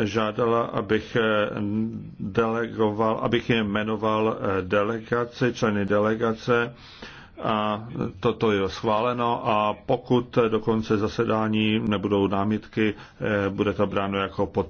žádala, abych eh, delegoval, abych je jmenoval eh, delegaci, členy delegace a toto je schváleno a pokud do konce zasedání nebudou námitky, eh, bude to bráno jako potvrzené.